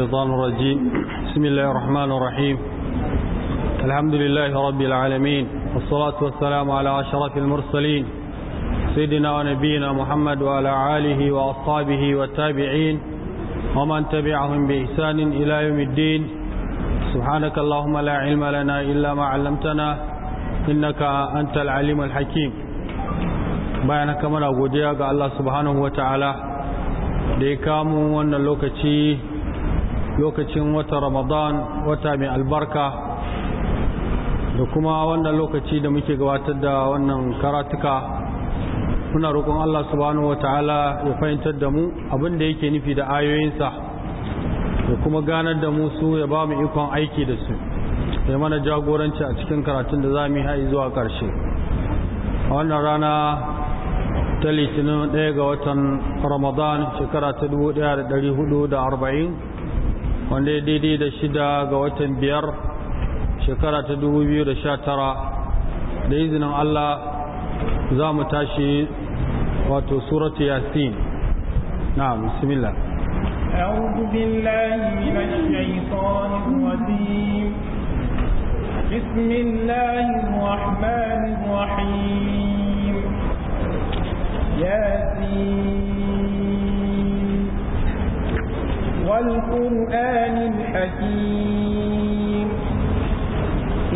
الشيطان الرجيم بسم الله الرحمن الرحيم الحمد لله رب العالمين والصلاة والسلام على أشرف المرسلين سيدنا ونبينا محمد وعلى آله وأصحابه والتابعين ومن تبعهم بإحسان إلى يوم الدين سبحانك اللهم لا علم لنا إلا ما علمتنا إنك أنت العليم الحكيم بيانك من أبو ديك الله سبحانه وتعالى da ya kamo wannan lokaci lokacin wata ramadan wata mai albarka da kuma wannan lokaci da muke gabatar da wannan karatuka muna roƙon Allah subhanahu ta'ala ya fahimtar da mu abin da yake nufi da ayoyinsa Da kuma ganar da mu su ya ba mu ikon aiki da su ya mana jagoranci a cikin karatun da za mu yi zuwa ƙarshe a wannan rana ta litinin ɗaya ga watan ramadan shekara ta 1440 wanda ya daidai da shida ga watan biyar shekara ta dubu biyu da sha tara da izinin Allah za mu tashi wato suratu yasin na bismillah أعوذ بالله من الشيطان الرجيم بسم الله الرحمن الرحيم ياسين والقرآن الحكيم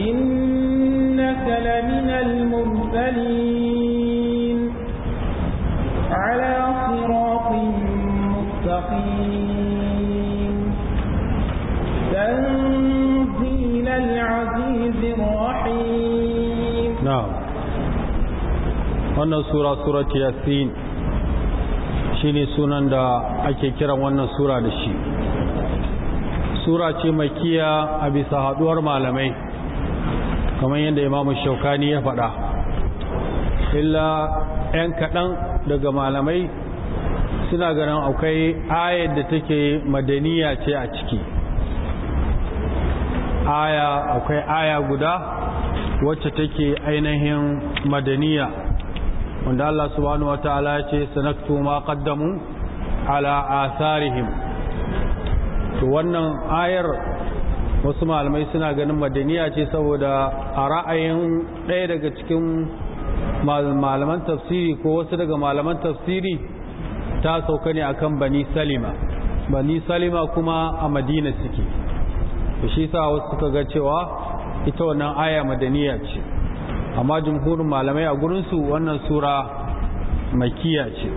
إنك لمن المرسلين على صراط مستقيم تنزيل العزيز الرحيم نعم أنا سورة سورة ياسين ne sunan da ake kiran wannan sura da shi sura ce makiya a bisa haduwar malamai kamar yadda imamu shaukani ya faɗa illa 'yan kaɗan daga malamai suna ganin akwai ayar da take madaniya ce a ciki aya akwai aya guda wacce take ainihin madaniya wanda Allah subhanahu wa ta'ala ya ce sanaktu ma qaddamu ala atharihim to wannan ayar wasu malamai suna ganin madaniya ce saboda a ra'ayin ɗaya daga cikin malaman tafsiri ko wasu daga malaman tafsiri ta sauka ne akan bani salima bani salima kuma a madina suke shi sa wasu suka ga cewa ita wannan aya madaniya ce amma jumhurin malamai a gurinsu wannan sura makiya ce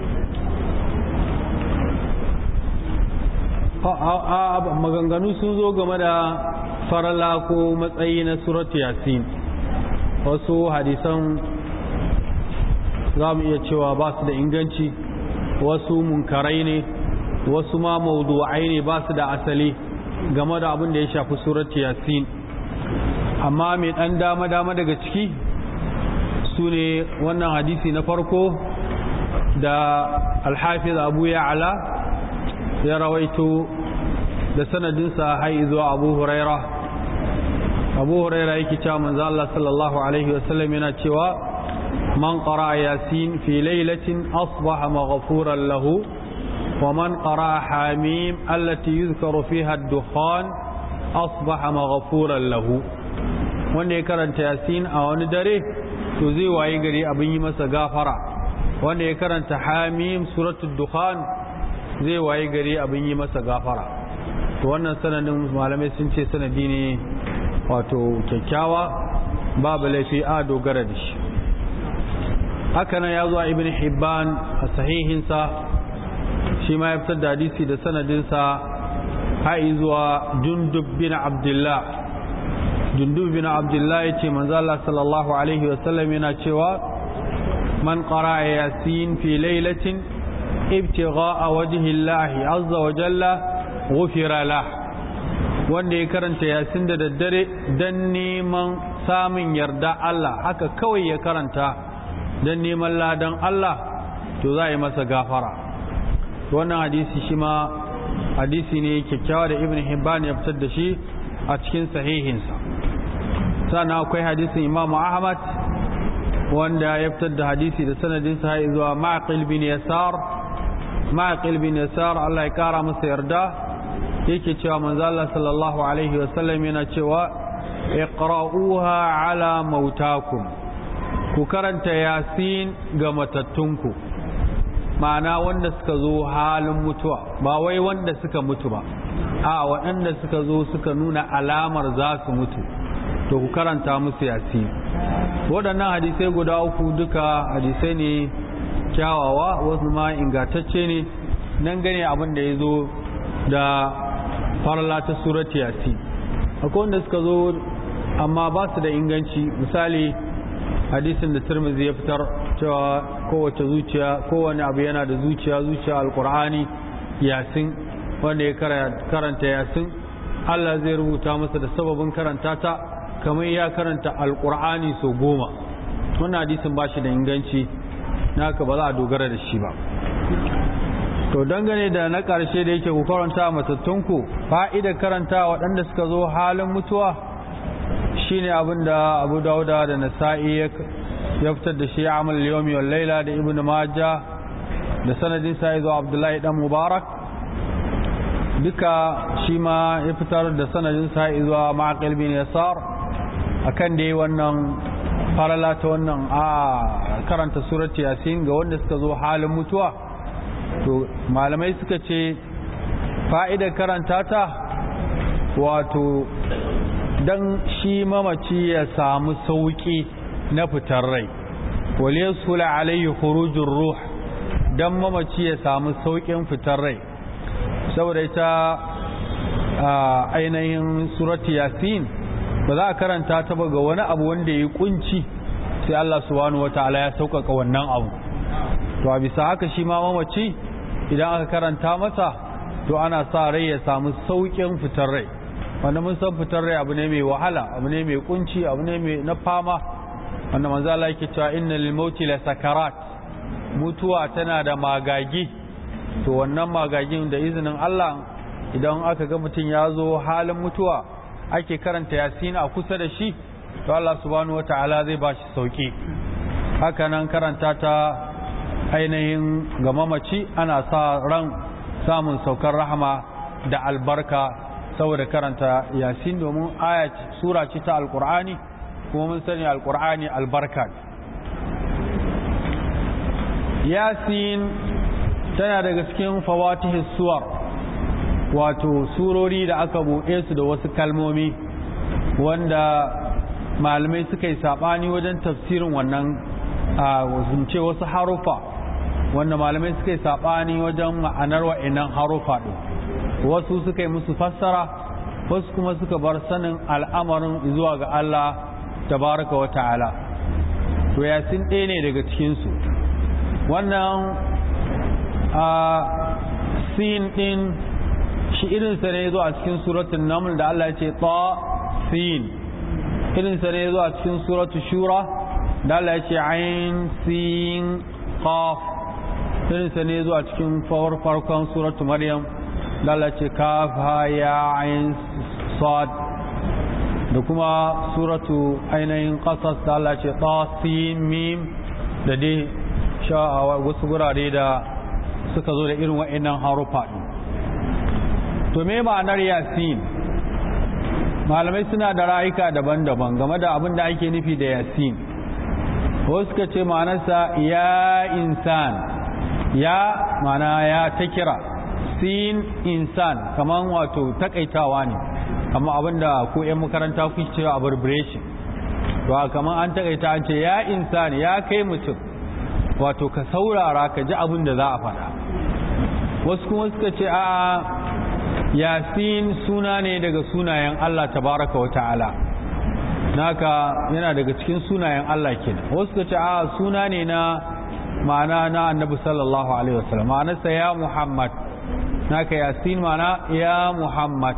maganganu sun zo game da farala ko matsayi na surat yasin wasu hadisan za mu iya cewa ba su da inganci wasu munkarai ne wasu ma maudu'ai ne ba su da asali game da abin da ya shafi surat yasin amma mai ɗan dama-dama daga ciki su ne wannan hadisi na farko da alhafiz abu ya'ala ya rawaito da sanadinsa haizu zuwa abu huraira abu huraira yake cewa manzo Allah sallallahu alaihi wasallam yana cewa man qara'a yasin fi lailatin asbaha maghfuran lahu wa man qara'a hamim allati yuzkaru fiha ad-dukhan asbaha maghfuran lahu wanda ya karanta yasin a wani dare to zai waye gari abin yi masa gafara wanda ya karanta hamim suratul dukhan zai waye gari abin yi masa gafara to wannan sanadin malamai sun ce sanadi ne wato kyakkyawa babu laifi a dogara da shi haka nan ya zo ibn hibban a sahihinsa shi ma ya fitar da hadisi da sanadinsa ha'i zuwa jundub bin abdullah jundub bin abdullahi ya ce manzala sallallahu alaihi wasallam yana cewa man qara'a yasin fi a ibtigha'a wajhillahi azza wa jalla ghufira lah wanda ya karanta yasin da daddare dan neman samun yarda Allah haka kawai ya karanta dan neman ladan Allah to za a yi masa gafara wannan hadisi shi ma hadisi ne kyakkyawa da ibn hibban ya fitar da shi a cikin sahihinsa sana akwai hadisin imam ahmad wanda ya fitar da hadisi da sanadin sa zuwa ma'aqil bin yasar ma'aqil bin yasar Allah ya kara masa yarda yake cewa manzo Allah sallallahu alaihi wasallam yana cewa iqra'uha ala mautakum ku karanta yasin ga matattunku ma'ana wanda suka zo halin mutuwa ba wai wanda suka mutu ba a waɗanda suka zo suka nuna alamar za su mutu to ku karanta musu yasi waɗannan hadisai guda uku duka hadisai ne kyawawa wasu ma ingantacce ne nan gane abin da ya zo da farla ta surat yasi akwai wanda suka zo amma ba su da inganci misali hadisin da turmizi ya fitar cewa kowace zuciya kowane abu yana da zuciya zuciya alkur'ani yasin wanda ya karanta yasin allah zai rubuta masa da sababin karanta ta kamar ya karanta alkur'ani sau goma wannan hadisin ba shi da inganci na haka ba za a dogara da shi ba to dangane da na ƙarshe da yake ku karanta matattunku fa'idar karanta waɗanda suka zo halin mutuwa shine abin da abu dauda da nasa'i ya fitar da shi amal yomi wal laila da ibnu maja da sanadin sa zo abdullahi dan mubarak duka shi ma ya fitar da sanadin sa zuwa ma'aqil bin yasar akan dai wannan farala ta wannan a karanta surat yasin ga wanda suka zo halin mutuwa to malamai suka ce fa'idar karanta ta wato don shi mamaci ya samu sauki na fitar rai wale sula alayhi khurujur ruh don mamaci ya samu saukin fitar rai saboda ita ainihin surati yasin ba za a karanta ta ba ga wani abu wanda ya yi kunci sai Allah subhanahu wataala ya sauƙaƙa wannan abu to a bisa haka shi ma mamaci idan aka karanta masa to ana sa rai ya samu sauƙin fitar rai wanda mun san fitar rai abu ne mai wahala abu ne mai kunci abu ne mai na fama wanda manzo Allah yake cewa inna mauti la sakarat mutuwa tana da magagi to wannan magagin da izinin Allah idan aka ga mutum ya zo halin mutuwa ake karanta yasin a kusa da shi to Allah subhanahu wata'ala zai ba shi sauki haka nan karanta ta ainihin ga mamaci ana sa ran samun saukar rahama da albarka saboda karanta yasin domin aya sura ce ta alkur'ani kuma mun sani alkur'ani albarka yasin tana daga cikin fawatihis suwar wato surori da aka buɗe su da wasu kalmomi wanda malamai suka yi saɓani wajen tafsirin wannan a zunce wasu harufa wanda malamai suka yi saɓani wajen ma'anar wa'inan harufa ɗin wasu suka yi musu fassara wasu kuma suka bar sanin al'amarin zuwa ga Allah tabaraka wa ta'ala to sun ɗaya ne daga cikinsu wannan a sin ɗin shi sa ne zuwa zo a cikin suratun naml da Allah ya ce ta sin sa ne zo a cikin suratun shura da Allah ya ce ain sin qaf sa ne zo a cikin farkon suratun maryam da Allah ya ce kaf ha ya ain sad da kuma suratu ainihin qasas da Allah ya ce ta sin mim da dai sha wasu gurare da suka zo da irin wa'annan harufa din to me ma'anar yasin malamai suna da ra'ayika daban-daban game da abin da ake nufi da yasin wasu suka ce ma'anarsa ya insan ya mana ya ta kira sin insan kamar wato takaitawa ne amma abin da ko 'yan makaranta ku a abbreviation to kamar an takaita an ce ya insan ya kai mutum wato ka saurara ka ji abin da za a faɗa wasu kuma suka ce a yasin suna ne daga sunayen Allah tabaraka wa ta'ala naka yana daga cikin sunayen Allah kenan wasu ka ce a suna ne na ma'ana na annabi sallallahu alaihi wasallam sa ya muhammad naka yasin ma'ana ya muhammad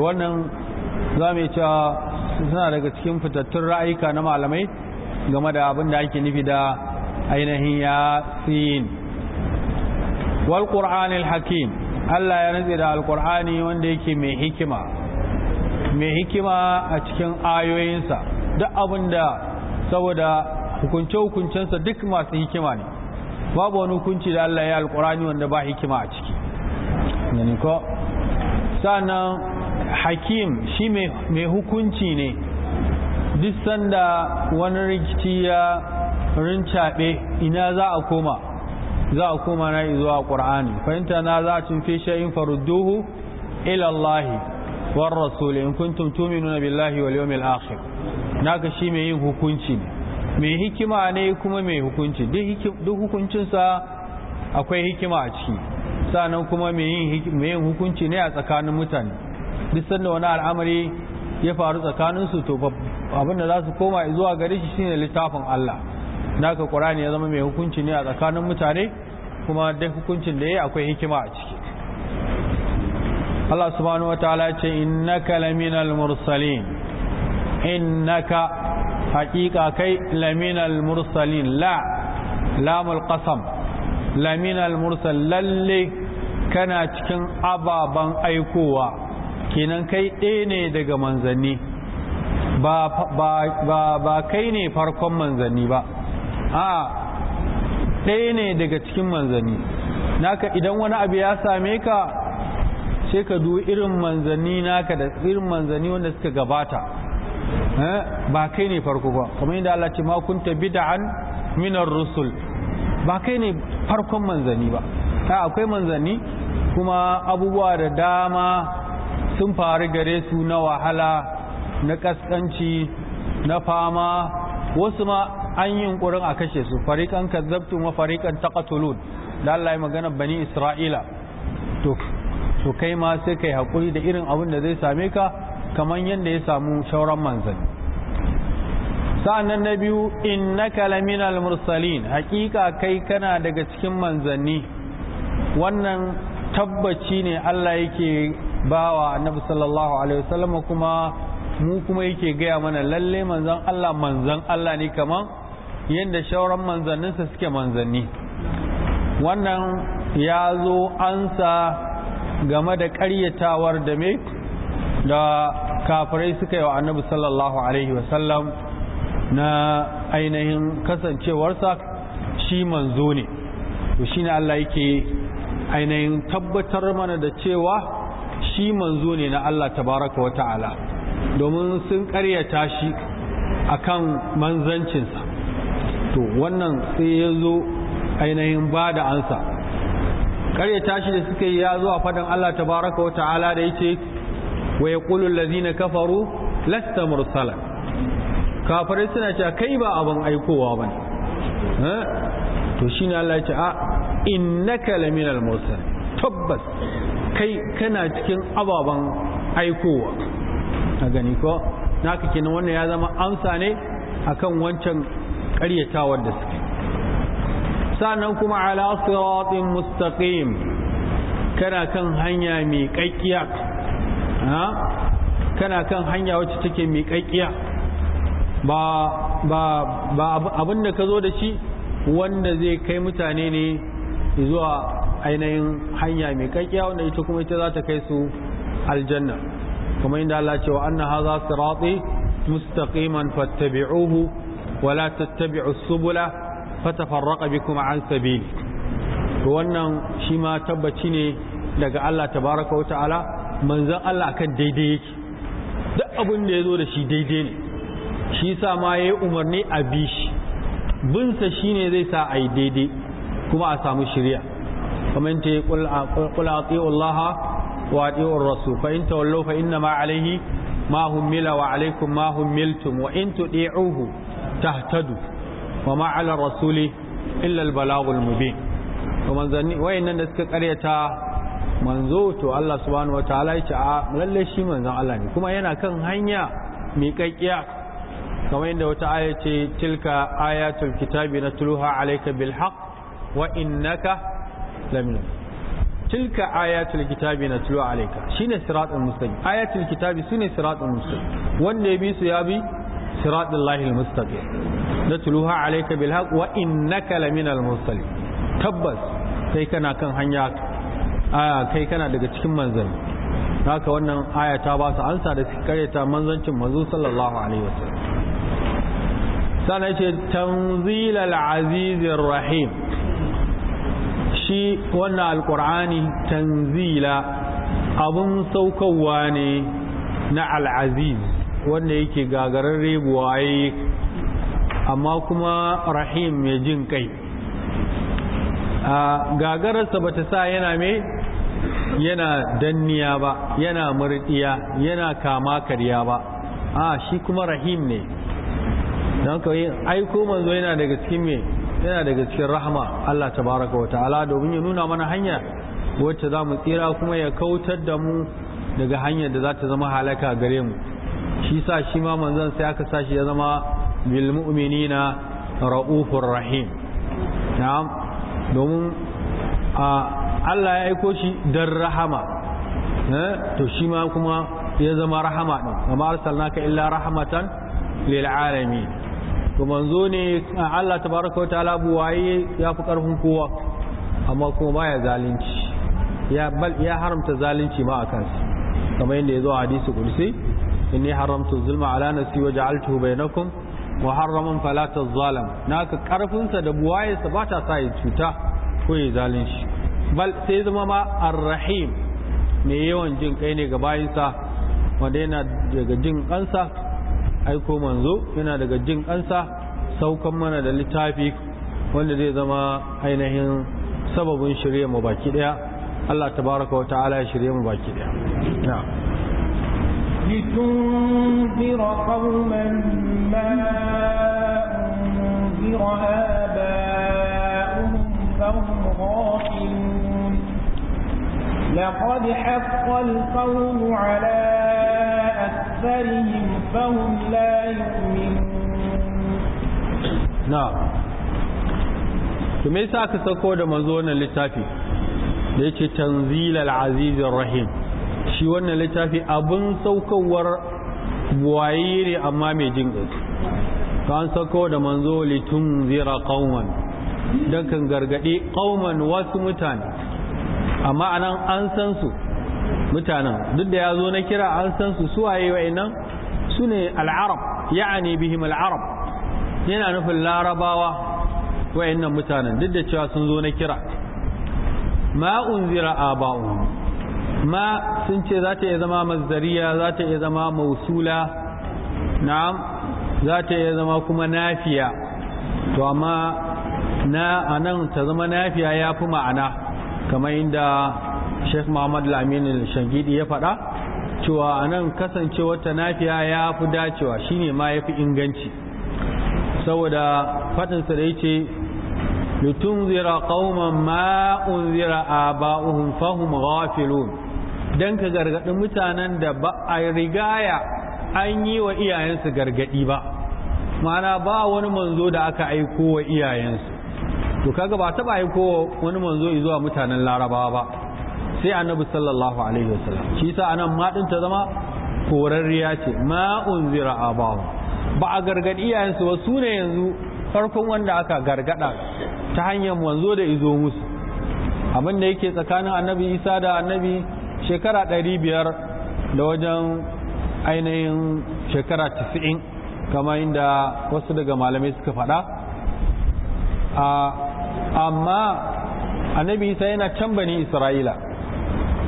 wannan za mu ce suna daga cikin fitattun ra'ayika na malamai game da abin da ake nufi da ainihin yasin wal qur'anil hakim Allah ya nutse da alkur'ani wanda yake mai hikima mai hikima a cikin ayoyinsa duk abin saboda hukunce-hukuncensa duk masu hikima ne babu wani hukunci da Allah ya alkur'ani wanda ba hikima a ciki gani ko sannan hakim shi mai hukunci ne duk sanda wani rikici ya rincaɓe ina za a koma za a koma na zuwa qur'ani fahimta na za a cin shay'in farudduhu ila war rasul in kuntum na billahi wal yawmil akhir naka shi mai yin hukunci mai hikima ne kuma mai hukunci duk hukuncinsa akwai hikima a ciki sanan kuma mai yin hukunci ne a tsakanin mutane duk sanda wani al'amari ya faru tsakaninsu to abin za su koma zuwa gare shi shine littafin Allah naka qur'ani ya zama mai hukunci ne a tsakanin mutane kuma dai hukuncin da yayi akwai hikima a ciki Allah subhanahu wataala ya ce innaka laminal mursalin innaka haqiqa kai laminal mursalin la lamul qasam laminal mursal lalle kana cikin ababan aikowa kenan kai ɗaya ne daga manzanni ba kai ne farkon manzanni ba a ɗaya ne daga cikin manzani naka idan wani abu ya same ka sai ka dubi irin manzanni naka da irin manzanni wanda suka gabata ba kai ne farko ba kamar yadda Allah ce ma kunta bid'an minar rusul ba kai ne farkon manzanni ba akwai manzanni kuma abubuwa da dama sun faru gare su na wahala na kaskanci na fama wasu ma an yi yunkurin a kashe su farikan kazzabtu wa farikan taqatulun da Allah ya magana bani Isra'ila to to kai ma sai kai hakuri da irin abin da zai same ka kaman yanda ya samu shauran manzanni sa'annan na biyu innaka laminal mursalin hakika kai kana daga cikin manzanni wannan tabbaci ne Allah yake bawa annabi sallallahu alaihi wasallam kuma mu kuma yake gaya mana lalle manzan Allah manzan Allah ne kaman yadda shauran manzanninsa suke manzanni wannan ya zo ansa game da ƙaryatawar da me da kafirai suka yi wa annabi sallallahu alaihi wasallam na ainihin kasancewarsa shi manzo ne to shi ne Allah yake ainihin tabbatar mana da cewa shi manzo ne na Allah tabaraka wa ta'ala domin sun ƙaryata shi akan manzancinsa to wannan sai ya zo ainihin ba da ansa karya tashi da suka yi ya zo a fadan Allah ta baraka wa ta'ala da yace wa yaqulu allazina kafaru lasta mursala kafirai suna cewa kai ba abin aikowa ba ne. to shine Allah ya ce a innaka laminal mursal tabbas kai kana cikin ababen aikowa a gani ko naka kenan wannan ya zama amsa ne akan wancan ƙaryatawar da suke sannan kuma ala siratin mustaqim kana kan hanya mai ƙaƙƙiya kana kan hanya wacce take mai ƙaƙƙiya ba ba ba abinda ka zo da shi wanda zai kai mutane ne zuwa ainihin hanya mai ƙaƙƙiya wanda ita kuma ita za ta kai su aljanna kuma inda Allah ce wa anna hadha sirati mustaqiman fattabi'uhu ولا تتبعوا السبل فتفرق بكم عن سبيل wannan shi ma tabbaci ne daga Allah tabaraka wa ta'ala manzon Allah akan daidai yake duk abin da zo da shi daidai ne shi sa ma yayi umarni a bi shi binsa shine zai sa yi daidai kuma a samu shirya kamar ta yi qul ati'u Allah wa ati'u ar-rasul fa in tawallu fa inna ma alayhi ma hummila wa alaykum ma hummiltum wa in tudi'uhu tahtadu wa rasuli illal balagul mubin da suka karyata manzo to Allah subhanahu ya ce a lalle shi manzon Allah ne kuma yana kan hanya miƙaƙƙiya kamar yadda wata aya ce tilka ayatul kitabi alayka bil haqq wa innaka lamin tilka ayatul kitabi alayka shine siratul mustaqim ayatul kitabi siratul mustaqim wanda ya bi su ya bi صراط الله المستقيم نتلوها عليك بالحق وإنك لمن المرسلين تبس kai kana kan hanya kai kana daga cikin manzanni haka wannan aya ta ba su ansa da kareta manzancin manzo sallallahu alaihi wasallam sana ce tanzil al-aziz rahim shi wannan alqur'ani tanzila abun saukowa ne na al-aziz wanda yake gagarar yi amma kuma rahim mai jin kai gagararsa ba ta sa yana mai yana danniya ba yana murdiya yana kama karya ba a shi kuma rahim ne don kawai aiko manzo yana daga cikin mai yana daga cikin rahama Allah ta baraka wa ta'ala domin ya nuna mana hanya wacce za mu tsira kuma ya kautar da mu daga hanyar da za ta zama halaka gare mu shi sa shi ma manzan sai aka shi ya zama lil mu'minina ra'ufur rahim na'am domin Allah ya aiko shi dan rahama eh, to shi ma kuma ya zama rahama din amma ka illa rahmatan lil alamin to manzo ne Allah tabaraka wataala waye ya fi karfin kowa amma kuma baya zalunci ya bal ya haramta zalunci ma a akan kamar yadda ya zo a hadisi kursi inni haramtu zulma ala nafsi wa ja'altuhu bainakum muharraman fala tazalam naka karfin sa da buwaye sa ba ta sa ya cuta ko ya shi bal sai zama ma arrahim me yawan jin kai ne ga bayinsa wanda yana daga jin kansa aiko manzo yana daga jin kansa saukan mana da littafi wanda zai zama ainihin sababin shirye mu baki daya Allah tabaraka wa ta'ala ya shirye mu baki daya لتنذر قوما ما أنذر آباؤهم فهم غافلون لقد حق القول على أكثرهم فهم لا يؤمنون نعم to me yasa aka sako da manzo wannan littafi da yake azizir rahim shi wannan littafi abin saukowar waye ne amma mai jin ta an sauko da manzo litun zira kauman don kan gargade kauman wasu mutane amma anan an san su mutanen duk da ya zo na kira an san su suwaye nan su ne al'arab ya'ani bihim al'arab yana nufin larabawa nan mutanen duk da cewa sun zo na kira ma unzira aba'uhum ma sun ce za ta iya zama mazdariya za ta iya zama mausula na'am za ta iya zama kuma nafiya to amma na anan ta zama nafiya ya fi ma'ana kamar inda sheikh muhammad laminin shangidi ya faɗa cewa anan kasancewar ta nafiya ya fi dacewa shine ma ya fi inganci saboda faɗinsa da ya ce لتنذر قوما ما أنذر آباؤهم فهم غافلون don ka gargaɗi mutanen da ba a rigaya an yi wa iyayensu gargaɗi ba mana ba wani manzo da aka aiko wa iyayensu to kaga ba taɓa aiko wani manzo zuwa mutanen larabawa ba sai annabi sallallahu alaihi wasallam shi sa anan maɗin ta zama korarriya ce ma unzira abahu ba a gargaɗi iyayensu ba su ne yanzu farkon wanda aka gargaɗa ta hanyar manzo da izo musu abin da yake tsakanin annabi isa da annabi shekara ɗari biyar da wajen ainihin shekara tafi'in kama inda wasu daga malamai suka faɗa amma annabi isa yana can bani isra'ila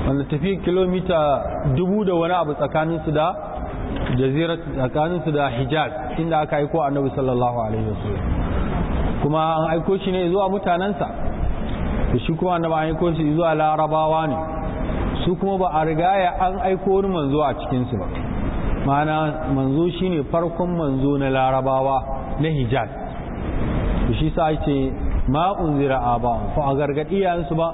wanda tafi kilomita dubu da wani abu tsakaninsu da jazirar tsakaninsu da hijaz inda aka aiko annabi sallallahu alaihi wasallam kuma an aiko shi ne zuwa mutanensa da shi kuma annabi an aiko shi zuwa larabawa ne su kuma ba a riga ya an aiko wani manzo a cikinsu ba mana manzo shine farkon manzo na larabawa na hijaz shi sa ce ma unzira aba fa a gargadi yansu ba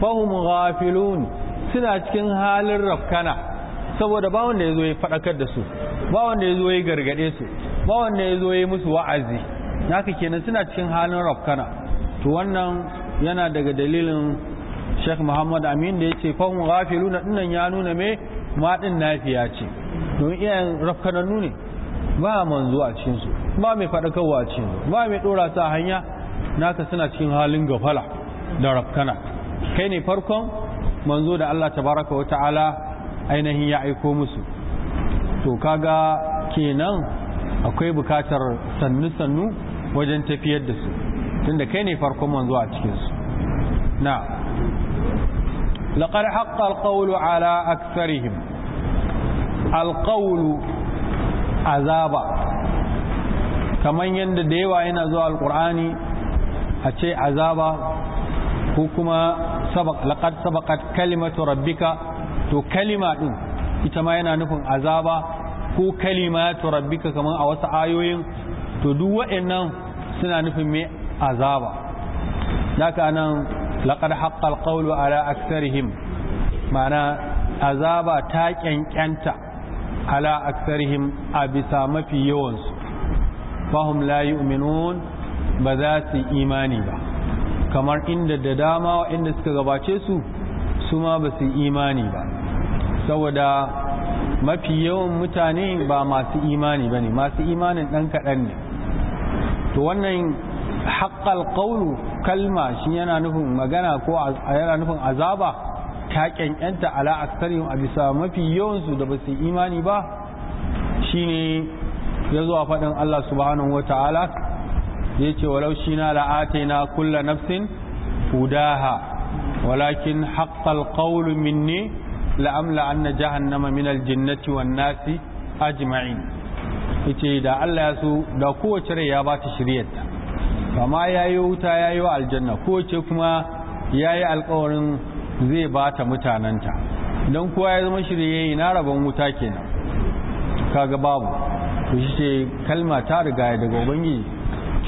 fahum ghafilun suna cikin halin rafkana saboda ba wanda ya ya fadakar da su ba wanda ya ya gargade su ba wanda ya ya musu wa'azi naka kenan suna cikin halin rafkana to wannan yana daga dalilin Sheikh Muhammad Amin da yace fahum ghafiluna dinnan ya nuna me ma din nafiya ce don iyayen rafkanannu ne ba manzo a cikin su ba mai fadakarwa a cikin su ba mai dora ta hanya naka suna cikin halin gafala da rafkana kai ne farkon manzo da Allah tabaraka wa ta'ala ainihin ya aiko musu to kaga kenan akwai bukatar sannu sannu wajen tafiyar da su tunda kai ne farkon manzo a cikin su na لقد حق القول على أكثرهم القول عذابا kaman yadda da yawa yana zuwa alkur'ani a ce azaba ko kuma laqad sabaqat kalimatu rabbika to kalima ɗin ita ma yana nufin azaba ko kalimatu rabbika kaman a wasu ayoyin to duk waɗannan suna nufin me azaba daga nan Laƙar haqqal qawlu ala aktharihim ma'ana azaba ta ƙyanƙyanta ala aktharihim a bisa mafi yawansu fahum la yu'minun ba za su imani ba kamar inda da dama inda suka gabace su su ma ba su imani ba saboda mafi yawan mutane ba masu imani ba ne masu imanin ɗan kaɗan ne to wannan haƙƙal ƙaunu kalma shi yana nufin magana ko yana nufin azaba ta ƙyanƙyanta ala aksarihim a bisa mafi yawansu da ba su imani ba shine ya zuwa faɗin Allah subhanahu wa ta'ala ya ce walau shi na la'ate na kulla nafsin hudaha walakin haƙƙal ƙaunu minni la'amla an na jahannama min aljinnati wan nasi ajma'in yace da Allah ya so da kowace rai ya ba ta shiryarta kama ya yi wuta ya yi wa aljanna ko ce kuma ya yi alkawarin zai ba ta mutanenta don kuwa ya zama shirye na rabon wuta kenan kaga babu ku shi ce kalma ta riga daga bangi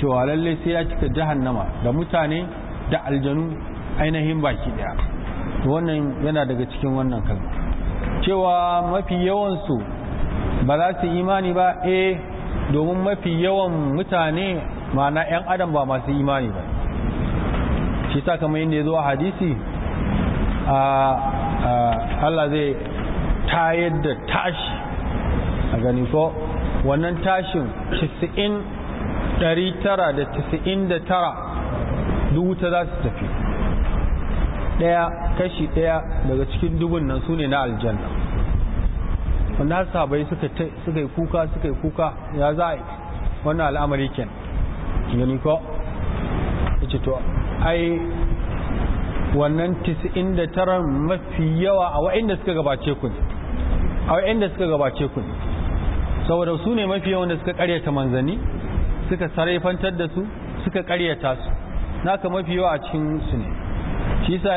cewa lallai sai ya cika jahannama da mutane da aljanu ainihin baki daya wannan yana daga cikin wannan kalma cewa mafi yawansu ba za su imani ba eh domin mafi yawan mutane ma'ana yan adam ba masu imani ba shi sa kamar yadda ya zo a hadisi a Allah zai tayar da tashi a gani ko wannan tashin 999 dubu wuta za su tafi daya kashi daya daga cikin dubun nan su ne na aljanna wanda sabai suka yi kuka suka yi kuka ya za a yi wannan al'amari kenan gani ko yace to ai wannan 99 mafi yawa a wa'inda suka gabace ku a wa'inda suka gabace ku saboda su ne mafi yawan da suka karyata manzanni suka fantar da su suka karyata su naka mafi yawa a cikin su ne shi yasa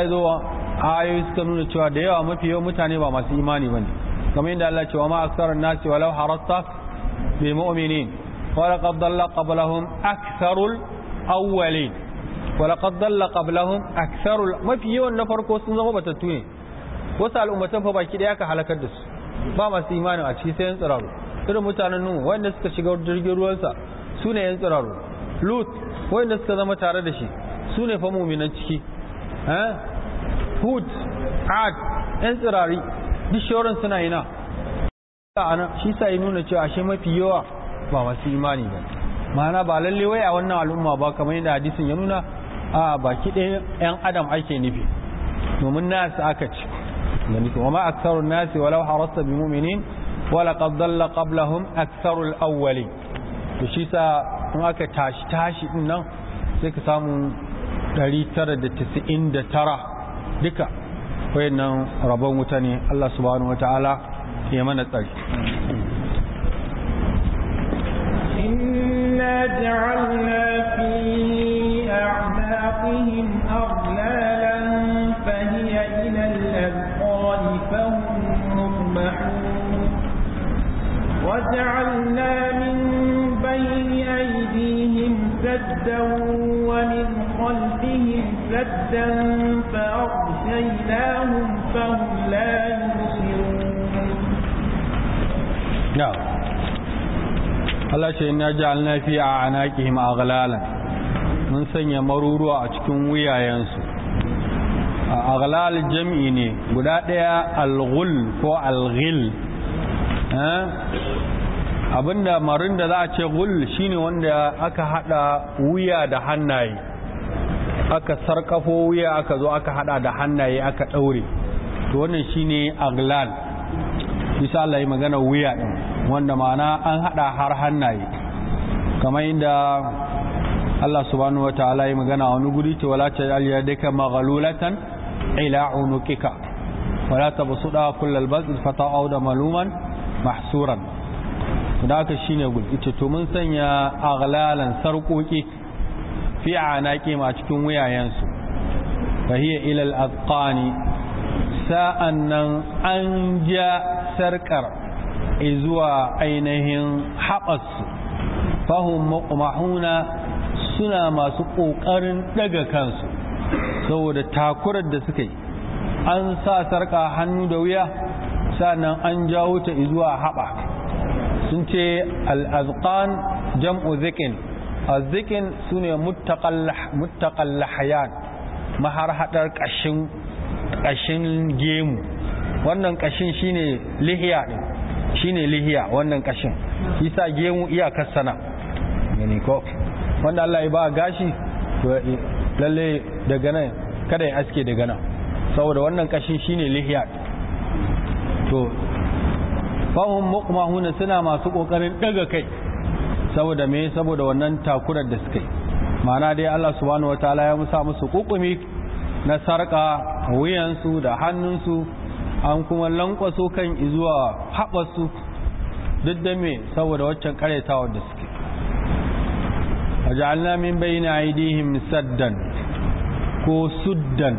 a ayoyi suka nuna cewa da yawa mafi yawan mutane ba masu imani bane kamar yadda Allah ya ce wa ma aksaran nasi walau harasta bi mu'minin ولقد ضل قبلهم أكثر الأولين ولقد ضل قبلهم أكثر ال... ما في يوم نفر كوسن زغو بتتوني وسع الأمة فبا كده يكا حلقة دس با ما سيمان أتشي سين سرارو إذا متانا نو وين نسك شغور درجي روانسا سوني ين سرارو لوت وين نسك زما تاردشي سوني فمو من أتشي ها هود عاد ين سراري دي شورن سنا هنا shi sa ya nuna cewa shi mafi yawa ba masu imani ba ma'ana ba lalle wai a wannan al'umma ba kamar yadda hadisin ya nuna a baki ɗaya yan adam ake nufi domin nasu aka ci da nufi wa nasi walau harasta bi muminin wala qaddalla qablahum aksarul awwali da shi sa in aka tashi tashi din nan sai ka samu 999 duka wayannan rabon wuta ne Allah subhanahu wataala ya mana tsari إنا جعلنا في أعناقهم أغلالا فهي إلى الأذقان فهم مقمحون وجعلنا من بين أيديهم سدا ومن خلفهم سدا فأغشيناهم فهم لا Allah ce inna ja'alna fi a'naqihim aghlalan mun sanya maruruwa a cikin wuyayensu aghlal jam'i ne guda daya alghul ko alghil eh? abinda marin da za a ce gul shine wanda aka hada wuya da hannaye aka sarkafo wuya aka zo aka hada da hannaye aka daure to wannan shine aglal bisa Allah yi magana wuya din wanda ma'ana an hada har hannaye kamar inda Allah subhanahu wa ta'ala yi magana wani guri ta wala ta aliyar daga maghalulatan ila unukika wala ta basu da kullal bazir fata'au da maluman mahsuran da aka shine guri ita to mun sanya aghlalan sarkoki fi anaqi ma cikin wuyayensu fa hiya ila al-azqani an ja sarkar zuwa ainihin haɓarsu fahun suna masu ƙoƙarin ɗaga kansu saboda takurar da suka yi an sa sarƙa hannu da wuya sannan an jawo ta zuwa haɓa sun ce al'azƙan jam'u zikin azzikin su ne muttaƙal maharhaɗar ƙashin gemu wannan ƙashin shine lihiya ɗin shine lihiya wannan kashin isa gemu iyakar sana mini ko wanda Allah ya ba gashi to eh, lalle daga nan kada ya aske daga nan saboda wannan kashin shine lihiya to fahum muqmahuna suna masu kokarin daga kai saboda me saboda wannan takurar da suka yi ma'ana dai Allah subhanahu wataala ya musa musu kukumi na sarka wuyansu da hannunsu an kuma lankwaso kan izuwa haɓasu duk da me saboda waccan karyatawar da suke a ja'alna min bayna aidihim saddan ko suddan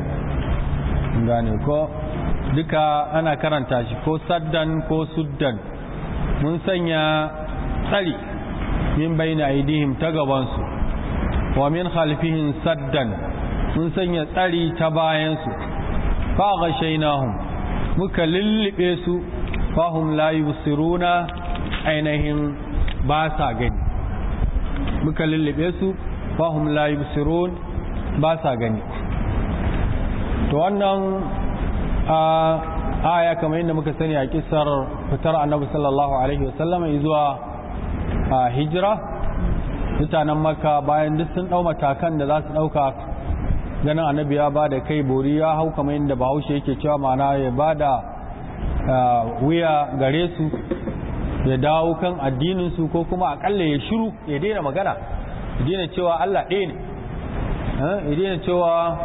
gane ko duka ana karanta shi ko saddan ko suddan mun sanya tsari min yi aidihim ta gabansu wa min khalfihim saddan mun sanya tsari ta bayansu fa ghashaynahum muka lullube su fahum la yusiruna ainihin ba sa gani muka lullube su fahum la yusirun ba sa gani to wannan aya kamar yadda muka sani a kisar fitar annabi sallallahu alaihi wasallam zuwa hijira mutanen maka bayan duk sun dau matakan da za su dauka ganin annabi ya ba da kai bori ya hau kamar yadda bahaushe yake cewa mana ya ba da ah, wuya gare su ya dawo kan addininsu ko kuma akalla ya shiru ya daina magana ya daina cewa Allah ɗaya ne eh, ya daina cewa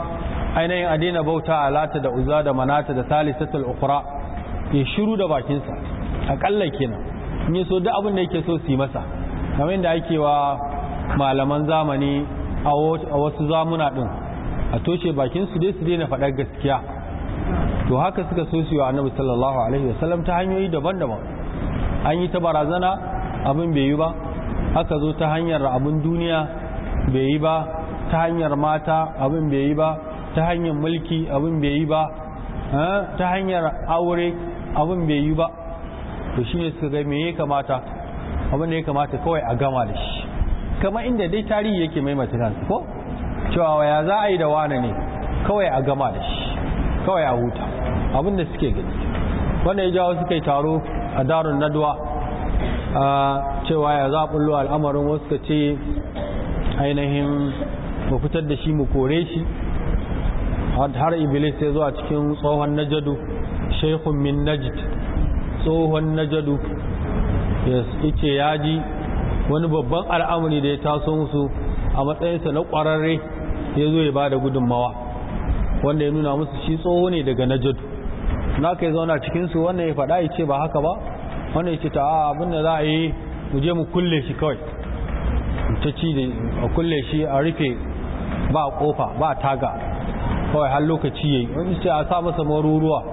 ainihin a daina bauta alata da uza da manata da salisatul ukura ya shiru da bakinsa akalla kenan in yi so duk abin da yake so su yi masa kamar yadda ake malaman zamani a wasu zamuna din. a toshe bakin su dai su daina faɗar gaskiya to haka suka so su yi annabi sallallahu alaihi wasallam ta hanyoyi daban-daban an yi ta barazana abin bai yi ba aka zo ta hanyar abin duniya bai yi ba ta hanyar mata abin bai yi ba ta hanyar mulki abin bai yi ba ta hanyar aure abin bai yi ba to shine suka ga me ya kamata abin da ya kamata kawai a gama da shi kama inda dai tarihi yake maimaita kansa ko cewa ya za a yi da wane ne kawai a gama da shi kawai a huta abin da suke gani wanda ya jawo suka yi taro a darun nadwa cewa ya za a bullo al'amarin wasu ka ce ainihin mu fitar da shi mu kore shi har iblis ya zuwa cikin tsohon najadu shaikhun min najid tsohon najadu ya ce ya ji wani babban al'amari da ya taso musu a matsayinsa na ƙwararre ya zo ya ba da gudunmawa wanda ya nuna musu shi tsoho ne daga najad na ka yi zauna cikinsu wanda ya faɗa ya ce ba haka ba wanda ya ce ta abin da za a yi mu je mu kulle shi kawai ta ci da a kulle shi a rufe ba kofa ba taga kawai har lokaci ya yi. wani ce a sa masa maruruwa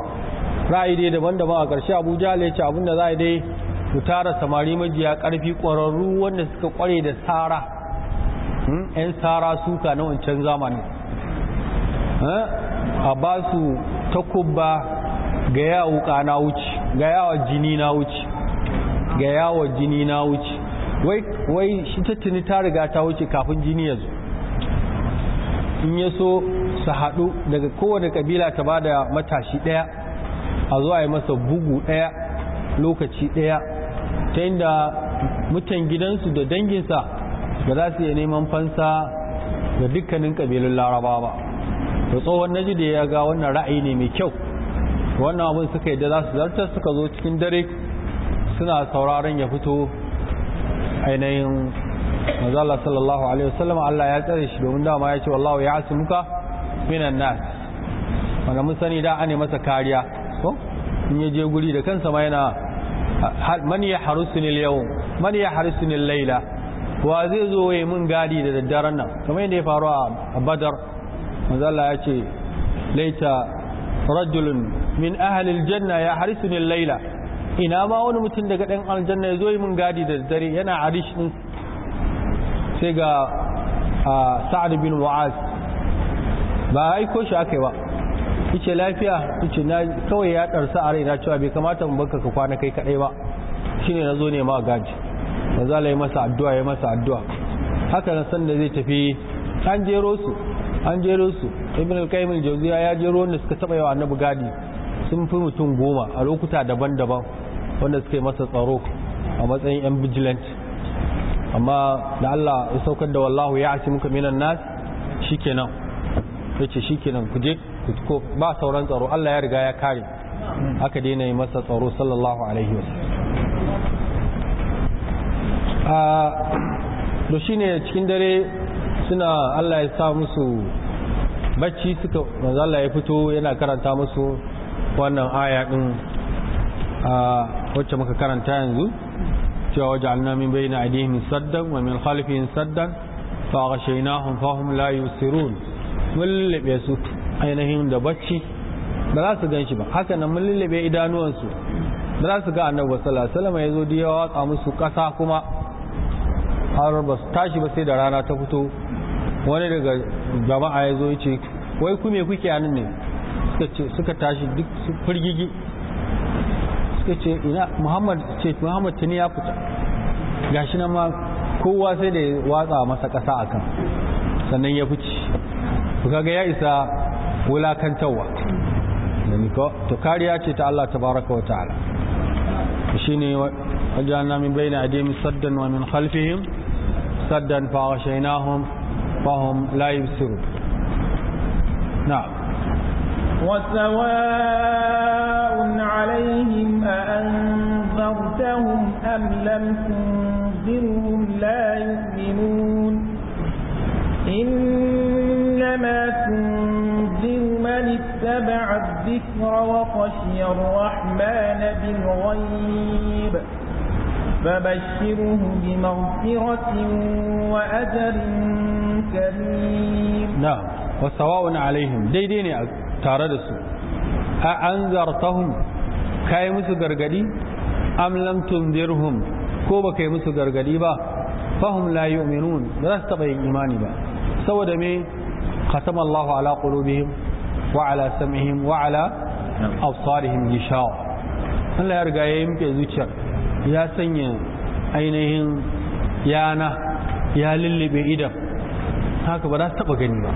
ra'ayi dai daban-daban a ƙarshe abuja ya ce abin da za a yi dai mu tara samari majiya ƙarfi ƙwararru wanda suka ƙware da tsara Hmm? 'yan tsara suka na wancan zamanin eh? a ba su takubba ga yawo na wuce ga yawo jini na wuce ga yawo jini na wuce wai shi tattini ta riga ta wuce kafin jini ya zo in ya so su haɗu daga kowane kabila ta ba da matashi ɗaya a zo a yi masa bugu ɗaya lokaci ɗaya ta inda mutan gidansu da danginsa ba za su iya neman fansa ga dukkanin ƙabilun laraba ba da tsohon naji da ya ga wannan ra'ayi ne mai kyau wannan abin suka yadda za su zartar suka zo cikin dare suna sauraron ya fito ainihin mazala sallallahu alaihi wasallam Allah ya tsare shi domin dama ya ce wallahu ya asmuka minan nas wanda mun sani da ane masa kariya ko in ya je guri da kansa ma yana man ya harusunil yau man ya harusunil laila wa zai zo ya mun gadi da daddaren nan kamar yadda ya faru a badar manzala ya ce laita rajulun min ahalil janna ya harisu laila ina ma wani mutum daga ɗan aljanna ya zo yi mun gadi da daddare yana arish din sai ga sa'ad bin wa'az ba aiko shi aka yi ba yace lafiya yace na kawai ya darsa a na cewa bai kamata mu barka ka kwana kai kaɗai ba shine nazo ne ma gaji manzo Allah yi masa addu'a ya masa addu'a haka na sanda zai tafi an jero su an jero su ibn al-qayyim al-jawziya ya jero wanda suka taba yawa annabi gadi sun fi mutum goma a lokuta daban-daban wanda suka yi masa tsaro a matsayin yan vigilant amma da Allah ya saukar da wallahu ya asi muka minan nas shikenan yace shikenan ku je ku ba sauran tsaro Allah ya riga ya kare aka daina yi masa tsaro sallallahu alaihi wasallam a da ne cikin dare suna Allah ya sa musu bacci suka manzo Allah ya fito yana karanta musu wannan aya din a wacce muka karanta yanzu cewa waja'alna min bayna aydihim saddan wa min khalfihim saddan fa ghashaynahum fa hum la yusirun mullabe su ainihin da bacci ba za su gan shi ba haka nan mun lullube idanuwansu ba za su ga annabi sallallahu alaihi wasallam ya zo da ya watsa musu kasa kuma har ba su tashi ba sai da rana ta fito wani daga jama'a ya zo ya ce wai ku me kuke anan ne suka tashi duk firgigi suka ce ina muhammad ce muhammad tuni ya fita gashi nan ma kowa sai da watsa masa ƙasa akan sannan ya fice to kaga ya isa wulakantarwa to kariya ce ta Allah tabaraka wa ta'ala shine wajen min bayna adami saddan wa min khalfihim سدا فغشيناهم فهم لا يبصرون نعم وسواء عليهم أأنذرتهم أم لم تنذرهم لا يؤمنون إنما تنذر من اتبع الذكر وخشي الرحمن بالغيب فبشره بمغفرة وأجر كريم نعم وسواء عليهم ديدين يا تاردس أأنذرتهم كايمس غرغدي أم لم تنذرهم كوبا كايمس غرغدي با فهم لا يؤمنون لا استطيع إيماني با سوى دمي ختم الله على قلوبهم وعلى سمعهم وعلى نعم. أبصارهم جشاو الله يرجع يمكن زوجك ya sanya ainihin yana ya lullube idan haka ba za su taba gani ba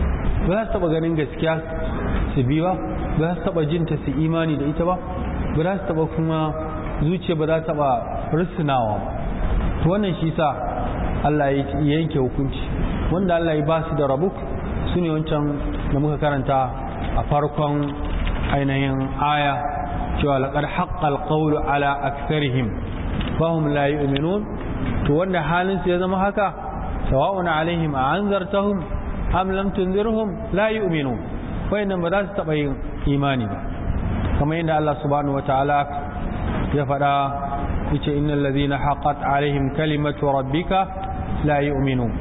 ba za su taba ganin gaskiya su bi ba ba za su taba jinta su imani da ita ba ba za su taba kuma zuciya ba za su taba rusunawa wannan shi sa Allah ya yanke hukunci wanda Allah ya ba su da rabu su ne wancan da muka karanta a farkon ainihin aya cewa laƙar haƙƙal ƙaulu ala aksarihim Fahim la yu'minun to wanda halin su ya zama haka sawa'un alaihim a anzartahum am lam tunzirhum la yu'minun nan ba za su taba yin imani ba kamar yadda Allah subhanahu wataala ya faɗa yace innal ladhina haqqat alaihim kalimatu rabbika la yu'minun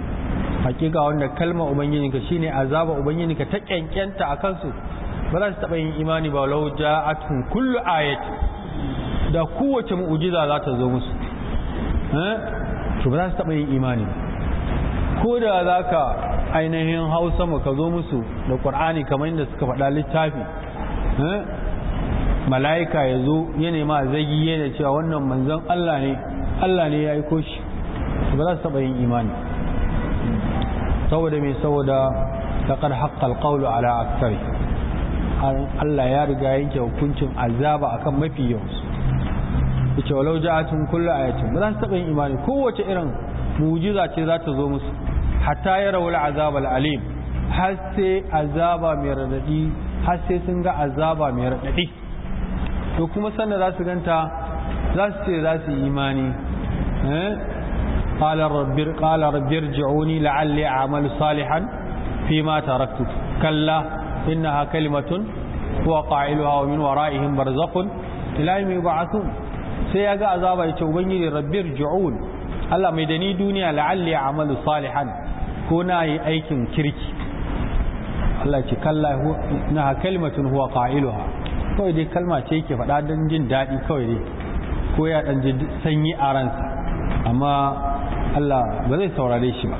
hakika wanda kalma ubangijinka shine azaba ubangijinka ta kyankyanta akan su ba za su taba yin imani ba law ja'atun kullu ayati da kowace mu'ujiza za ta zo musu eh? to ba za su taɓa yin imani ko da za ka ainihin hausa mu ka zo musu da ƙwar'ani kamar yadda suka faɗa littafi eh? mala'ika ya zo ya nema zagi yana cewa wannan manzon Allah ne Allah ne ya aiko shi ba za su taɓa yin imani saboda mai saboda ƙar haƙƙal ƙaulu ala aktari Allah ya riga yanke hukuncin azaba akan mafi yawansu yace walau ja'atun kullu ayatin ba za su taɓa yin imani kowace irin mu'jiza ce za ta zo musu hatta yarawul azab alim har sai azaba mai radadi har sai sun ga azaba mai radadi to kuma sannan za su ganta za su ce za su yi imani قال رب قال رب ارجعوني لعلي اعمل صالحا فيما تركت كلا انها كلمه هو قائلها ومن ورائهم برزق لا يبعثون sai ya ga azaba ya ce ubangiji rabbir ju'ul Allah mai dani duniya la'alli amalu salihan ko na yi aikin kirki Allah ce kalla na kalmatun huwa qailuha kawai dai kalma ce yake faɗa don jin daɗi kawai dai ko ya ɗan ji sanyi a ransa amma Allah ba zai saurare shi ba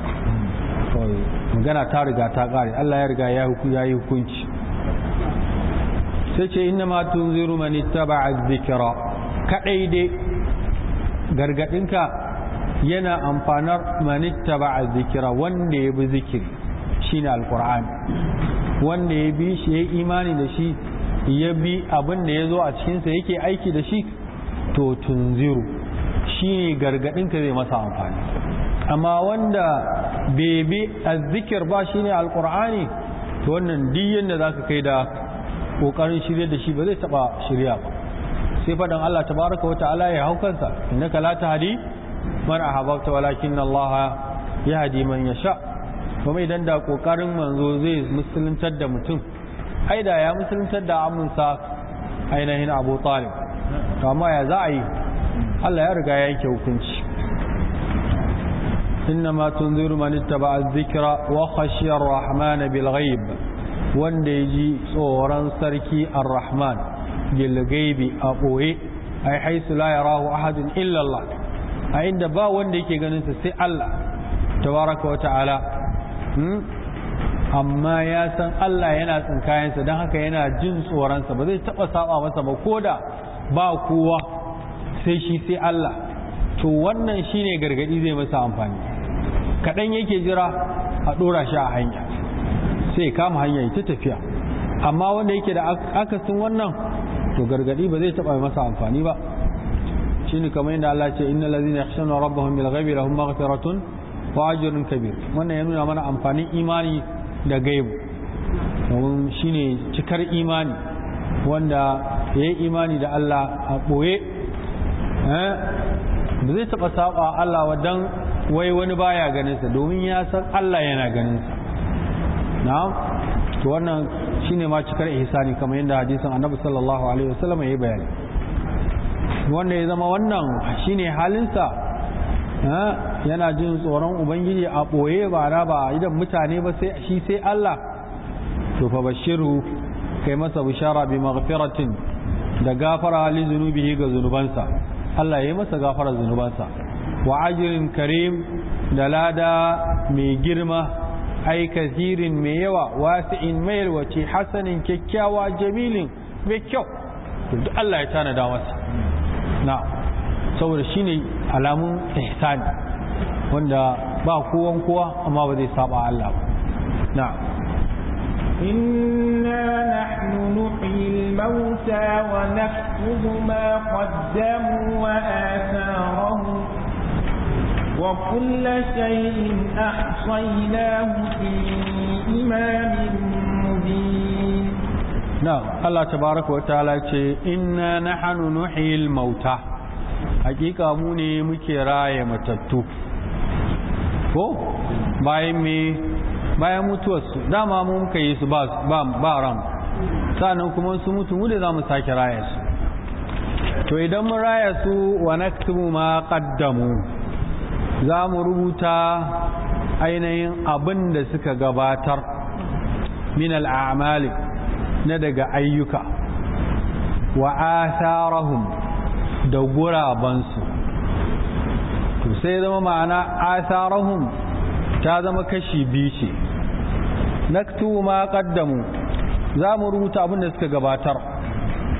magana ta riga ta ƙare Allah ya riga ya yi hukunci sai ce inna ma tunziru man ittaba'a dhikra kaɗai dai gargaɗinka yana amfanar manitta ba a zikira wanda ya bi zikiri shi ne alkur'ani wanda ya bi shi ya imani da shi ya bi abin da ya zo a cikinsa yake aiki da shi to tunziru shi ne gargaɗinka zai masa amfani amma wanda bai bi a zikir ba shi ne alkur'ani to wannan duk yadda za ka kai da ƙoƙarin shirya da shi ba zai taɓa shirya ba sai fadan Allah tabaraka wa ta'ala ya hau kanka innaka la tahdi man ahbabta walakin Allah yahdi man sha kuma idan da kokarin manzo zai musuluntar da mutum ai da ya musuluntar da amunsa ainihin Abu Talib to amma ya za a yi Allah ya riga ya yanke hukunci إنما تنذر من اتبع الذكر وخشي الرحمن بالغيب wanda ya ji tsoron sarki ar-rahman gaibi a ɓoye ai haisu la yarahu ahadin illallah a inda ba wanda yake ganin sa sai Allah tabaraka wa ta'ala amma ya san Allah yana tsinkayensa don haka yana jin tsoronsa ba zai taɓa saba masa ba ko da ba kowa sai shi sai Allah to wannan shine gargadi zai masa amfani kaɗan yake jira a ɗora shi a hanya sai kama hanya ta tafiya amma wanda yake da akasin wannan to gargadi ba zai taba masa amfani ba shine kamar yadda Allah ce innal ladzina yakhshawna rabbahum bil ghaibi lahum maghfiratun wa ajrun kabir wannan ya nuna mana amfanin imani da gaibu domin shine cikar imani wanda yayi imani da Allah a boye eh, ba zai taba saba Allah dan wai wani baya ganin sa domin ya san Allah yana ganin sa na'am to wannan ne ma cikar ihsani kamar yadda hadisin annabi sallallahu alaihi wasallam ya bayani wanda ya zama wannan shi ne halinsa yana jin tsoron ubangiji a ɓoye ba na ba idan mutane ba sai shi sai Allah to fa bashiru kai masa bishara bi maghfiratin da gafara li zunubihi ga zunubansa Allah ya yi masa gafara zunubansa wa ajirin karim da lada mai girma ai kazirin mai yawa wasi'in mayar wace hasanin kyakkyawa jamilin mai kyau da Allah ya tanada masa na saboda ne alamun ihsani wanda ba kowan kowa amma ba zai saba Allah ba na إنا نحن wa الموتى ونكتب ما wa وآثارهم وكل شيء أحصيناه في إمام مبين نعم الله تبارك وتعالى إنا نحن نحيي الموتى حقيقة موني مكراية متتو ko bayan me bayan mutuwarsu dama mu muka yi su ba ran sannan kuma su mutu mu da za mu sake raya su to idan mun raya su wa naktubu ma qaddamu za mu rubuta ainihin abin da suka gabatar min al'amali na daga ayyuka wa asarahum da gurabansu to sai zama ma'ana asarahum ta zama kashi biyu ce naktu ma qaddamu za mu rubuta abin da suka gabatar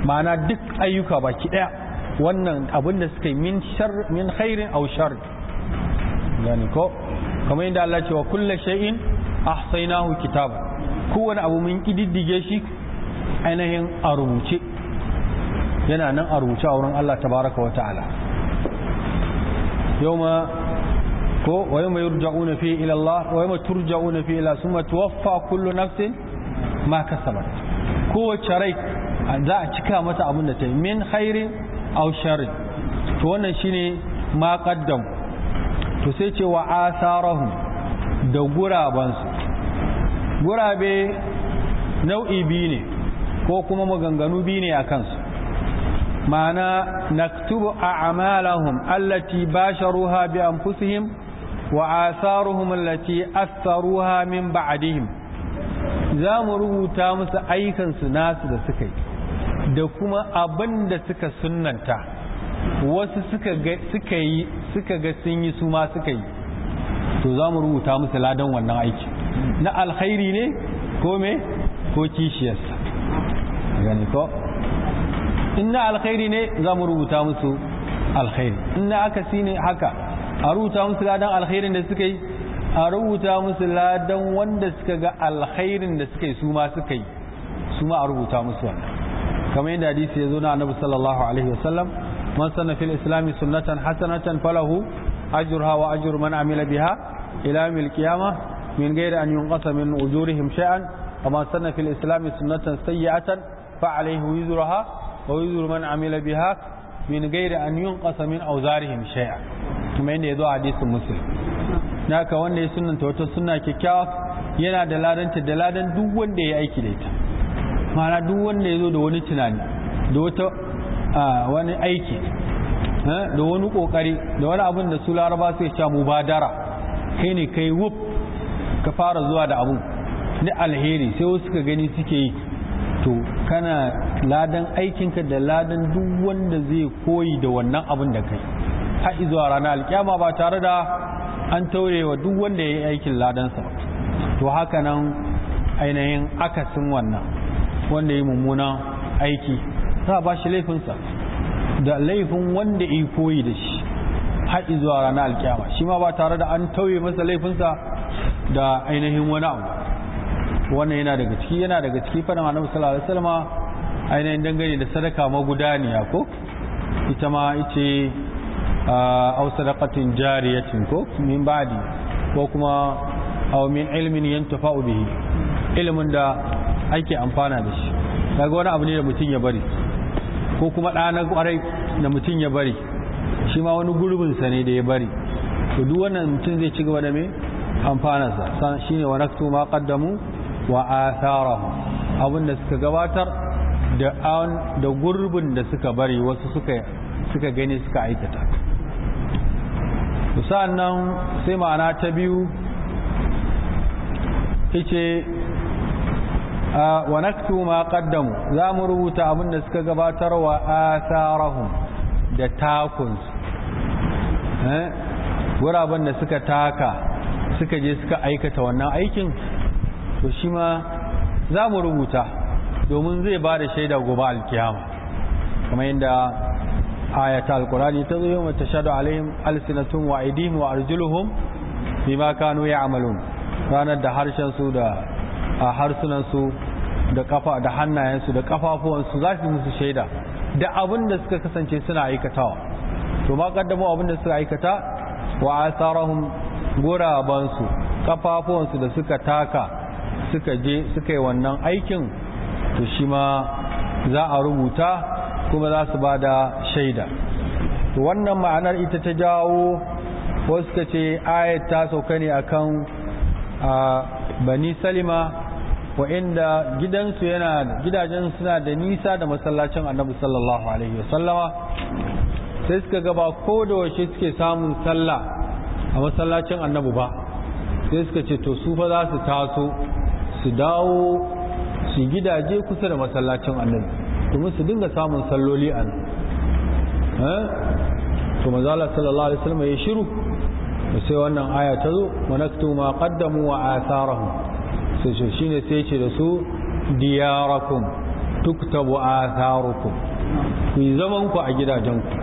ma'ana duk ayyuka baki daya wannan abin da suka yi min hairin min gane ko kamar yadda Allah cewa kullu shay'in ahsaynahu kitaba kowane abu mun kididdige shi ainihin a rubuce yana nan a rubuce a wurin Allah tabaraka wa ta'ala ma ko wa yawma yurja'una fi ila Allah wa yawma turja'una fi ila summa tuwaffa kullu nafsin ma kasabat kowace rai za a cika mata abin da ta yi min khairin aw sharri to wannan shine ma qaddam to sai ce wa asarahu da gurabansu gurabe nau'i biyu ne ko kuma maganganu biyu ne a kansu ma'ana naktubu a'malahum allati basharuha bi anfusihim wa asaruhum allati asaruha min ba'dihim za mu rubuta musu aikansu nasu da suka yi da kuma abin da suka sunnanta wasu suka yi suka ga sun yi su ma suka yi to za mu rubuta musu ladan wannan aiki na alkhairi ne ko me ko kishiyarsa gani ko in na alkhairi ne za mu rubuta musu alkhairi in na aka si ne haka a rubuta musu ladan alkhairin da suka yi a rubuta musu ladan wanda suka ga alkhairin da suka yi su ma suka yi su ma a rubuta musu wannan kamar yadda hadisi ya zo na annabi sallallahu alaihi wasallam man sana fil islami sunnatan hasanatan falahu ajruha wa ajru man amila biha ila yawmil qiyamah min ghairi an min ujurihim shay'an wa man sana fil islami sunnatan sayyi'atan fa alayhi wizruha wa wizru man amila biha min ghairi an yunqasa min awzarihim shay'an kuma inda yazo hadisin muslim naka wanda ya sunnanta wata sunna kikkiawa yana da ladanta da ladan duk wanda ya aiki da ita ma'ana duk wanda ya zo da wani tunani da wata wani aiki da wani kokari da wani abin da su laraba sai sha mubadara kai ne kai wuf ka fara zuwa da abu na alheri sai wasu ka gani suke yi to kana ladan aikinka da ladan duk wanda zai koyi da wannan abin da kai har zuwa rana alkyama ba tare da an wa duk wanda ya yi aikin ladansa to haka nan ainihin akasin wannan wanda ya mummunan aiki za ba shi laifinsa da laifin wanda ya koyi da shi har zuwa ranar alkiyama shi ma ba tare da an tauye masa laifinsa da ainihin wani abu wannan yana daga ciki yana daga ciki fadama na sallallahu alaihi ainihin dangane da sadaka magudaniya ko ita ma ice aw sadaqatin jariyatin ko min ba'di ko kuma aw min ilmin tafa bihi ilimin da ake amfana da shi daga wani abu ne da mutum ya bari ko kuma ɗa na ƙwarai da mutum ya bari shi ma wani gurbinsa ne da ya bari to duk wannan mutum zai ci gaba da me amfanarsa shi ne wa naktu ma qaddamu wa atharahum abin da suka gabatar da gurbin da suka bari wasu suka suka gani suka aikata nan sai ma'ana ta biyu ice wa naktu ma qaddamu za mu rubuta abin da suka gabatar wa asarahum da takun guraben da suka taka suka je suka aikata wannan aikin to shi ma za mu rubuta domin zai ba da shaida gobe alkiyama kamar yadda ayata alqurani ta zo yau mata shaɗu alaihim alsinatun wa aidihim wa arjuluhum bima kanu ya'malun ranar da harshen su da a harsunansu da kafa da hannayensu da kafafuwansu za su musu shaida da abin da suka kasance suna aikatawa to ma kaddamo abin da suka aikata wa asarahum gurabansu kafafuwansu da suka taka suka je suka yi wannan aikin to shi ma za a rubuta kuma za su ba da shaida wannan ma'anar ita ta jawo wasu ka ce ayat ta sauka ne akan bani salima wa'inda gidansu yana gidajen suna da nisa da masallacin annabi sallallahu alaihi wasallama sai suka gaba ko da wace suke samun sallah a masallacin annabi ba sai suka ce to su fa za su taso su dawo su gidaje kusa da masallacin annabi domin su dinga samun salloli a nan eh? to manzala sallallahu alaihi wasallam ya shiru sai wannan aya ta zo wa naktu ma qaddamu wa atharahum sai shi ne sai ce da su diyarakum tuktabu atharukum ku yi zaman ku a gidajenku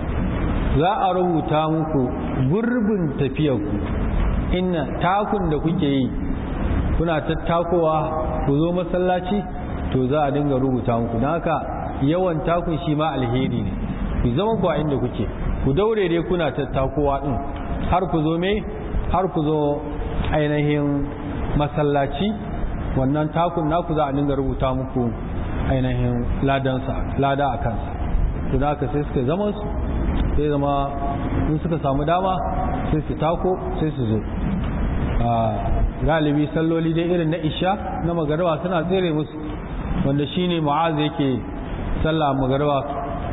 za a rubuta muku gurbin tafiyarku inna takun da kuke yi kuna tattakowa ku zo masallaci to za a dinga rubuta muku don haka yawan takun shi ma alheri ne ku zaman ku a inda kuke ku daure dai kuna tattakowa din har ku zo me har ku zo ainihin masallaci wannan takun naku za a dinga rubuta muku ainihin lada a kansa to da aka sai suka zama su sai zama in suka samu dama sai su tako sai su zo galibi salloli dai irin na isha na magarwa suna tsere musu wanda shine ma'az yake sallah magarwa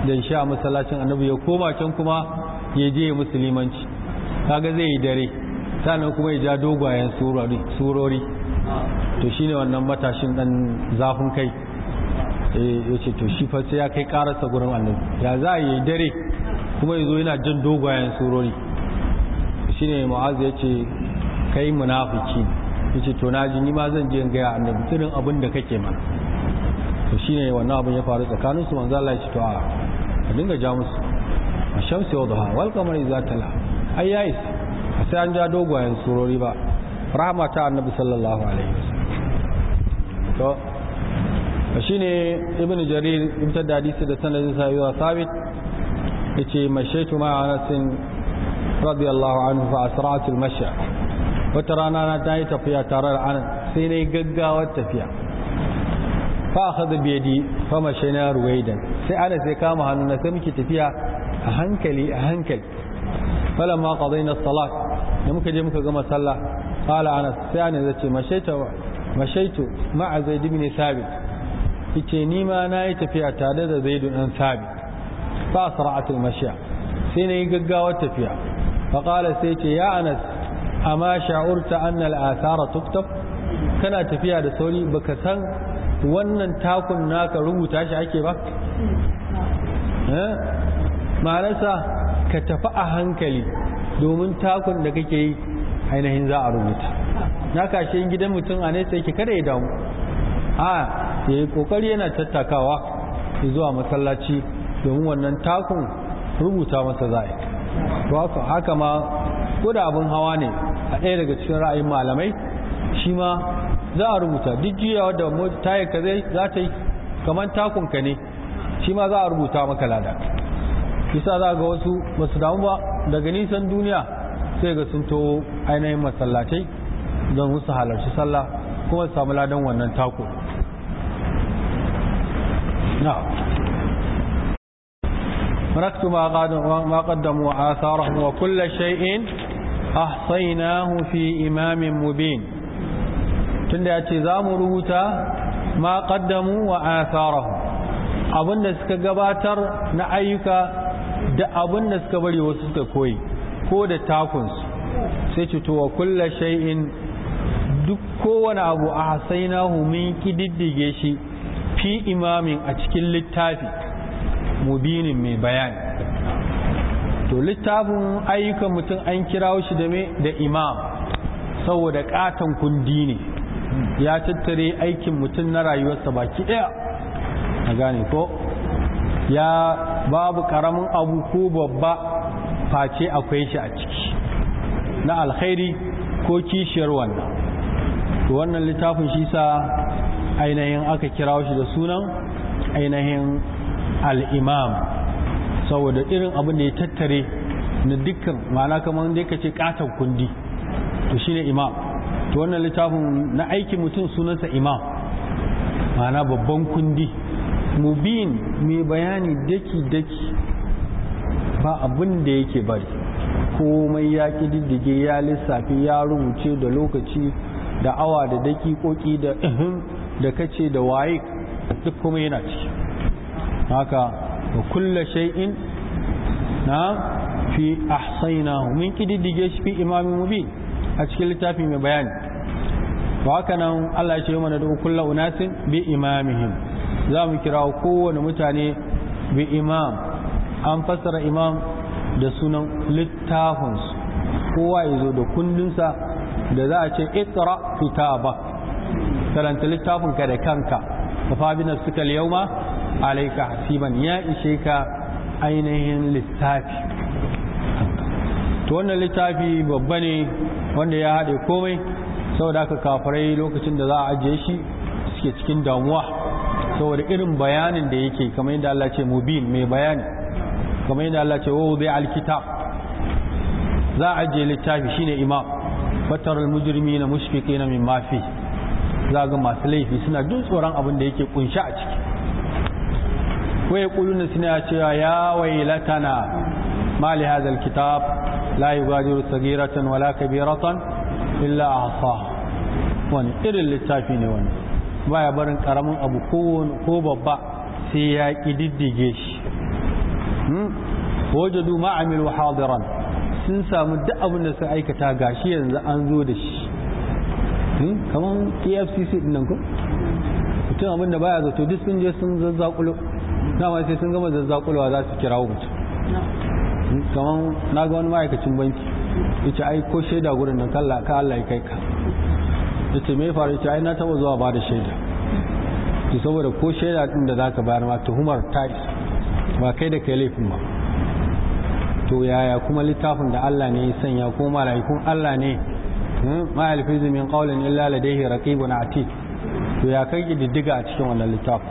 da isha a masallacin annabi ya koma can kuma ya je musulmanci kaga zai yi dare sannan kuma ya ja dogwayen surori to shine wannan matashin dan zafin kai eh, ya ce to shi fa sai ya kai karasa gurin annabi ya za a yi dare kuma ya zo yana jin dogayen surori shine mu'az ya ce kai munafiki ya ce to naji ni ma zan je in gaya annabi tsirin abin da kake mana to shine wannan abin ya faru tsakaninsu manzo Allah ya ce to a dinga ja musu الشمس وضحاها والقمر إذا تلا أي أيس حتى أن جاء دوغوا ينصروا ربا رحمة النبي annabi sallallahu alaihi وسلم to shine ibnu jarir ibta da hadisi da sanadin sa yawa sabit yace mashaitu ma anas radiyallahu anhu fa asra'tu al-mashya wata rana na ta yi tafiya tare da anan sai na yi gaggawar tafiya fa akhadha bi yadi fa mashayna ruwaidan sai anan sai kama hannu na sai muke tafiya a hankali a hankali ma qadayna na salat da muka je muka gama sallah qala anas sai anan zai anas yace mashaita mashaitu ma'a zaid ibn sabit yace ni ma na yi tafiya tare da zaid dan ba fa sar'at al-mashya sai nayi gaggawa tafiya fa qala sai ce ya anas amma sha'urta an al-athara tuktab kana tafiya da sauri baka san wannan takun naka rubuta shi ake ba ma'anarsa ka tafi a hankali domin takun da kake yi ainihin za a rubuta na kashe gidan mutum a nesa yake kada ya damu a ya yi kokari yana tattakawa zuwa masallaci domin wannan takun rubuta masa za'a to haka ma ko abin hawa ne a ɗaya daga cikin ra'ayin malamai shi ma za a rubuta duk juyawa da tayar ka zai za ta yi kamar takunka ne shi ma za a rubuta maka lada kisa za ga wasu masu damu ba daga nisan duniya sai ga sun to ainihin masallatai don su halarci sallah kuma su samu ladan wannan tako na raktu ma qaddamu wa asarahum wa kullu shay'in ahsaynahu fi imamin mubin tunda yace zamu rubuta ma qaddamu wa asarahum abinda suka gabatar na ayyuka da abinda suka bari wasu suka koyi ko da takunsu sai ce to wa kullu shay'in duk kowane abu a hasainahu mun kididdige shi fi imamin a cikin littafi mubinin mai bayani to littafin ayyukan mutum an kira shi da me da imam saboda katon kundi ne ya tattare aikin mutum na rayuwarsa baki ɗaya a gane ko ya babu ƙaramin abu ko babba face akwai shi a ciki na alkhairi ko kishiyar wannan to wannan littafin shi sa ainihin aka kira shi da sunan ainihin al'imam saboda irin abin da ya tattare na dukkan ma'ana kamar da ya ce katon kundi to shi ne imam to wannan littafin na aikin mutum sunansa imam ma'ana babban kundi mubin mai bayani daki-daki ba abin da yake bari komai ya ƙididdige ya lissafi ya rubuce da lokaci da awa da dakikoki da ihin da kace da waye duk kuma yana ciki haka wa kulla shay'in na fi ahsaynahu min kididdige shi fi imamin mubin a cikin littafi mai bayani wa haka nan Allah ya ce mana da kulla unasin bi imamihim za mu kira kowane mutane bi imam an fassara imam da sunan littafinsu kowa ya zo da kundinsa da za a ce isra kitaba karanta littafin ka da kanka fa bi nafsika al-yawma alayka hasiban ya ishe ka ainihin littafi to wannan littafi babba ne wanda ya haɗe komai saboda aka kafarai lokacin da za a ajiye shi suke cikin damuwa saboda irin bayanin da yake kamar yadda Allah ce mubin mai bayani kamar yadda Allah ce wa zai alkitab za a ajiye littafi shine imam fatar mujrimi na mushfiki na min mafi za ga masu laifi suna jin tsoron abin da yake kunshi a ciki waye kulun suna cewa ya waylatana ma li hadha alkitab la yugadiru saghiratan wala kabiratan illa ahsaha wani irin littafi ne wani baya barin karamin abu ko babba sai ya kididdige shi hmm? wajadu ma'amilu hadiran sun samu duk abin da sun aikata gashi yanzu an zo da shi hmm? kamar efcc din nan ku mutum abin da baya zato duk sun je sun zazzakulo dama sai sun gama zazzakulowa za su kira mutum hmm? kamar na ga wani ma'aikacin banki yace ai ko shaida gurin nan kalla ka Allah ya kai ka yace me faru yace ai na taba zuwa ba da shaida to saboda ko shaida din da zaka bayar ma tuhumar ta ba kai da kai laifin ba to yaya kuma littafin da Allah ne ya sanya ko mala'ikun Allah ne hmm? ma alfizu min qawlin illa ladayhi raqibun atid to ya kai diddiga a cikin wannan littafin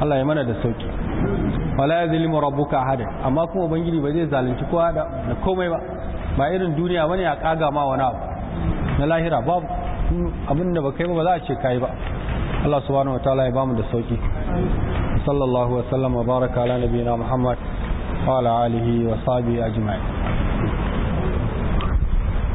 Allah ya mana da sauki wala yazlimu rabbuka ahada amma kuma ubangiji ba zai zalunci kowa da komai ba ba irin duniya bane ya kaga ma wani abu na lahira babu abin da ba kai ba za a ce kai ba Allah subhanahu wataala ya bamu da sauki sallallahu wa sallam baraka ala nabiyina muhammad وعلی آله وصحبه أجمعین